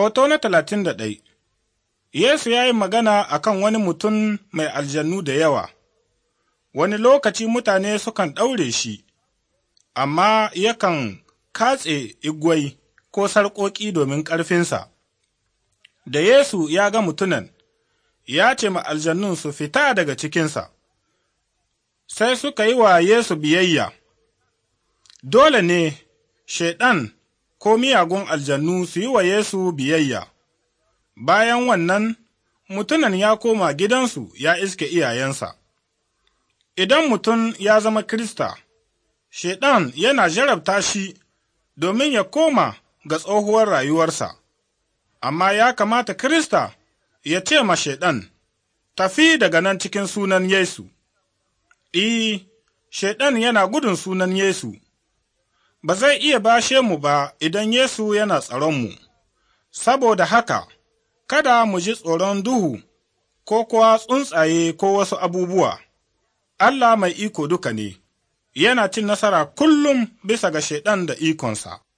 Hoto na talatin da ɗai Yesu ya yi magana a kan wani mutum mai aljannu da yawa, wani lokaci mutane sukan ɗaure shi, amma yakan katse igwai ko sarƙoƙi domin ƙarfinsa. Da Yesu ya ga mutunan, ya ce ma aljannun su fita daga cikinsa, sai suka yi wa Yesu biyayya. Dole ne, Shaiɗan ko miyagun aljannu su yi wa Yesu biyayya. Bayan wannan, mutunan ya koma gidansu ya iske iyayensa. Idan mutum ya zama Krista, Shaiɗan yana jarabta shi domin ya koma ga tsohuwar rayuwarsa, amma ya kamata Krista ya ce ma Shaiɗan, tafi daga nan cikin sunan Yesu. I, e, Shaiɗan yana gudun sunan Yesu. ba zai iya bashe mu ba idan Yesu yana tsaron mu. saboda haka, kada mu ji tsoron duhu ko kuwa tsuntsaye ko wasu abubuwa, Allah mai iko duka ne, yana cin nasara kullum bisa ga Shaiɗan da ikonsa.